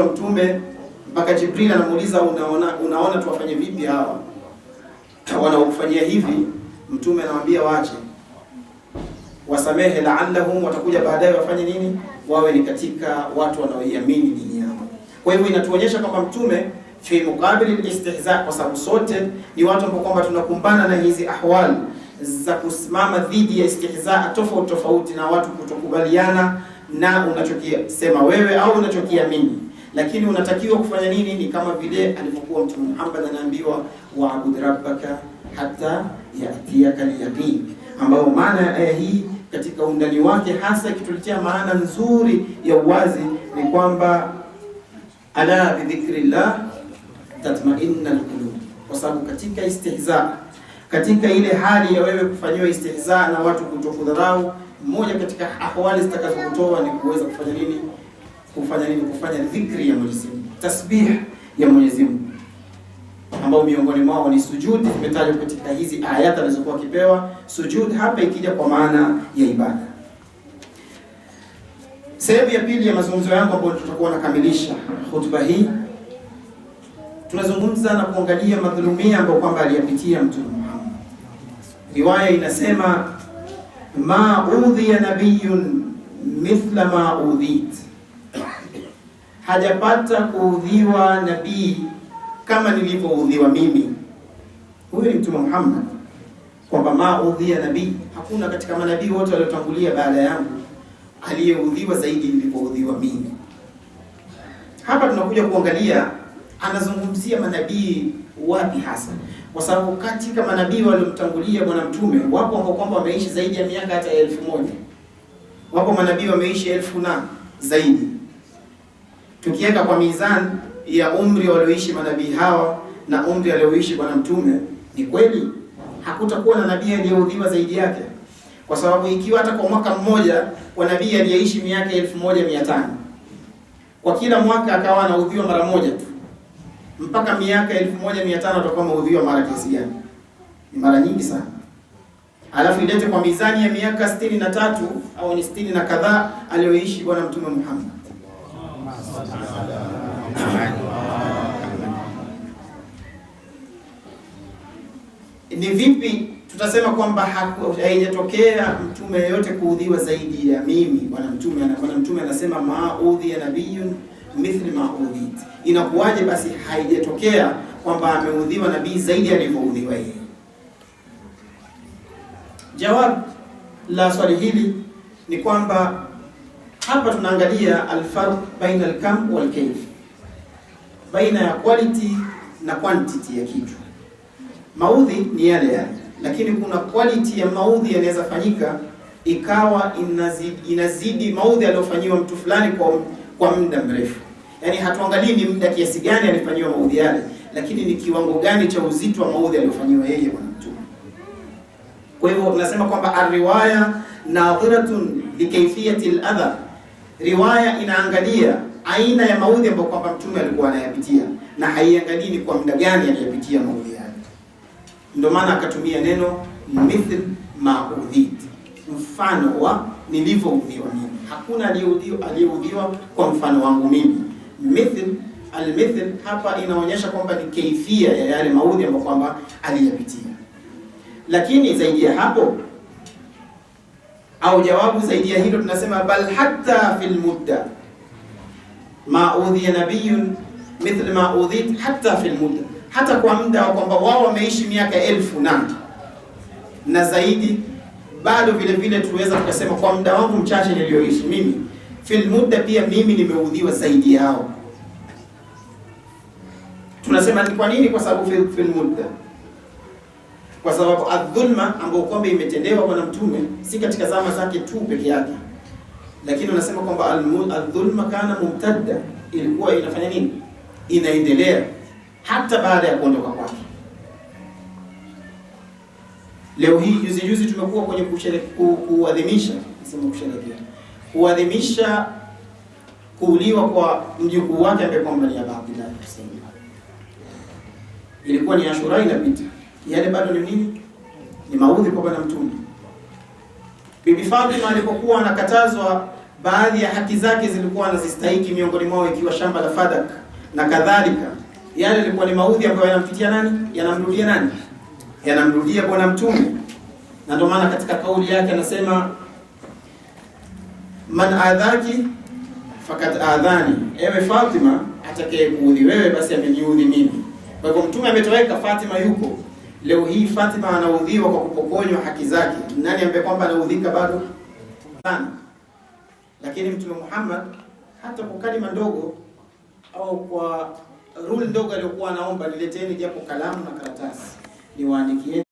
wa Mtume mpaka Jibril anamuuliza unaona, unaona tuwafanye vipi hawa wanaokufanyia hivi? Mtume anamwambia waache, wasamehe, laallahum watakuja baadaye wafanye nini? Wawe ni katika watu wanaoiamini dini yao. Kwa hivyo inatuonyesha kwamba Mtume fi muqabili istihza, kwa sababu sote ni watu ambao kwamba tunakumbana na hizi ahwal za kusimama dhidi ya istihza tofauti tofauti, na watu kutokubaliana na unachokisema wewe au unachokiamini lakini unatakiwa kufanya nini? Ni kama vile alivyokuwa Mtume Muhammad anaambiwa waabud rabbaka hata yatiyaka lyaqin ambayo maana ya aya hii katika undani wake hasa ikituletea maana nzuri ya uwazi ni kwamba ala bidhikrillah tatmainna alqulub, kwa sababu katika istihza, katika ile hali ya wewe kufanyiwa istihza na watu kutokudharau, mmoja katika ahwali zitakazokutoa ni kuweza kufanya nini kufanya nini? Kufanya dhikri ya Mwenyezi Mungu, tasbih ya Mwenyezi Mungu, ambao miongoni mwao ni sujud, imetajwa katika hizi ayat alizokuwa akipewa sujud, hapa ikija kwa maana ya ibada. Sehemu ya pili ya mazungumzo yangu ambayo tutakuwa nakamilisha hotuba hii, tunazungumza na kuangalia madhulumia ambayo kwamba aliyapitia Mtume Muhammad. Riwaya inasema ma udhiya nabiyun mithla ma udhit hajapata kuudhiwa nabii kama nilivyoudhiwa mimi. Huyu ni Mtume Muhammad, kwamba ma udhia nabii, hakuna katika manabii wote waliotangulia baada yangu aliyeudhiwa zaidi nilivyoudhiwa mimi. Hapa tunakuja kuangalia anazungumzia manabii wapi hasa, kwa sababu katika manabii waliomtangulia bwana mtume wapo ambao kwamba wameishi zaidi ya miaka hata elfu moja wapo manabii wameishi elfu na zaidi Tukienda kwa mizani ya umri walioishi manabii hawa na umri alioishi Bwana Mtume, ni kweli hakutakuwa na nabii aliyeudhiwa zaidi yake, kwa sababu ikiwa hata kwa mwaka mmoja kwa nabii aliyeishi miaka elfu moja mia tano kwa kila mwaka akawa anaudhiwa mara moja tu, mpaka miaka elfu moja mia tano atakuwa ameudhiwa mara kiasi gani? Ni mara nyingi sana. Alafu ilete kwa mizani ya miaka sitini na tatu au ni sitini na kadhaa aliyoishi Bwana Mtume Muhammad ni vipi tutasema kwamba haijatokea mtume yeyote kuudhiwa zaidi ya mimi? Bwana Mtume bwana Mtume anasema maudhi ya nabiyun mithli udhi, Inakuwaje basi haijatokea kwamba ameudhiwa nabii zaidi alivyoudhiwa yeye? Jawab la swali hili ni kwamba hapa tunaangalia alfarq baina alkam wal kayf, baina ya quality na quantity ya kitu. Maudhi ni yale yale, lakini kuna quality ya maudhi yanaweza fanyika ikawa inazidi, inazidi maudhi aliyofanyiwa mtu fulani kwa kwa muda mrefu. Yaani hatuangalii ni muda kiasi gani alifanyiwa maudhi yale, lakini ni kiwango gani cha uzito wa maudhi aliyofanyiwa yeye bwana Kwa hivyo tunasema kwamba arriwaya nadhiratun bikaifiyati ladha riwaya inaangalia aina ya maudhi ambayo kwamba mtume alikuwa anayapitia na haiangalii ni kwa muda gani aliyapitia maudhi yake. Ndio maana akatumia neno mithl ma udhit, mfano wa nilivyoudhiwa mimi. Hakuna aliyeudhiwa kwa mfano wangu mimi. Mithl almithl hapa inaonyesha kwamba ni kaifia ya yale maudhi ambayo kwamba aliyapitia, lakini zaidi ya hapo au jawabu zaidi ya hilo tunasema bal hatta fil mudda ma udhiya nabiyun mithl ma udhit hatta fil mudda, hata kwa muda wa kwamba wao wameishi miaka elfu na na zaidi, bado vile vile tuweza tukasema kwa muda wangu mchache nilioishi mimi fil mudda, pia mimi nimeudhiwa zaidi yao. Tunasema ni kwa nini? Kwa sababu fil mudda kwa sababu adhulma ambayo kwamba imetendewa bwana mtume si katika zama zake tu peke yake, lakini unasema kwamba adhulma kana mumtadda, ilikuwa inafanya nini, inaendelea hata baada ya kuondoka kwake. Leo hii juzi juzi tumekuwa kwenye kuadhimisha sema kusherekea kuadhimisha kuuliwa kwa mjukuu wake ambaye kwamba ni Abaa Abdullah Hussein, ilikuwa ni Ashura inapita yale bado ni nini? Ni maudhi kwa bwana mtume. Bibi Fatima alipokuwa anakatazwa, baadhi ya haki zake zilikuwa anazistahiki, miongoni mwao ikiwa shamba la Fadak na kadhalika. Yale yalikuwa ni maudhi ambayo yanampitia nani? Yanamrudia nani? Yanamrudia bwana mtume, na ndio maana katika kauli yake anasema man adhaki fakat adhani, ewe Fatima, atakaye kuudhi wewe basi ameniudhi mimi. Kwa hivyo mtume ametoweka, Fatima yuko Leo hii Fatima anaudhiwa kwa kupokonywa haki zake. Nani ambaye kwamba anaudhika bado sana? Lakini Mtume Muhammad hata kwa kalima ndogo au kwa rule ndogo aliyokuwa anaomba, nileteni japo kalamu na karatasi niwaandikie.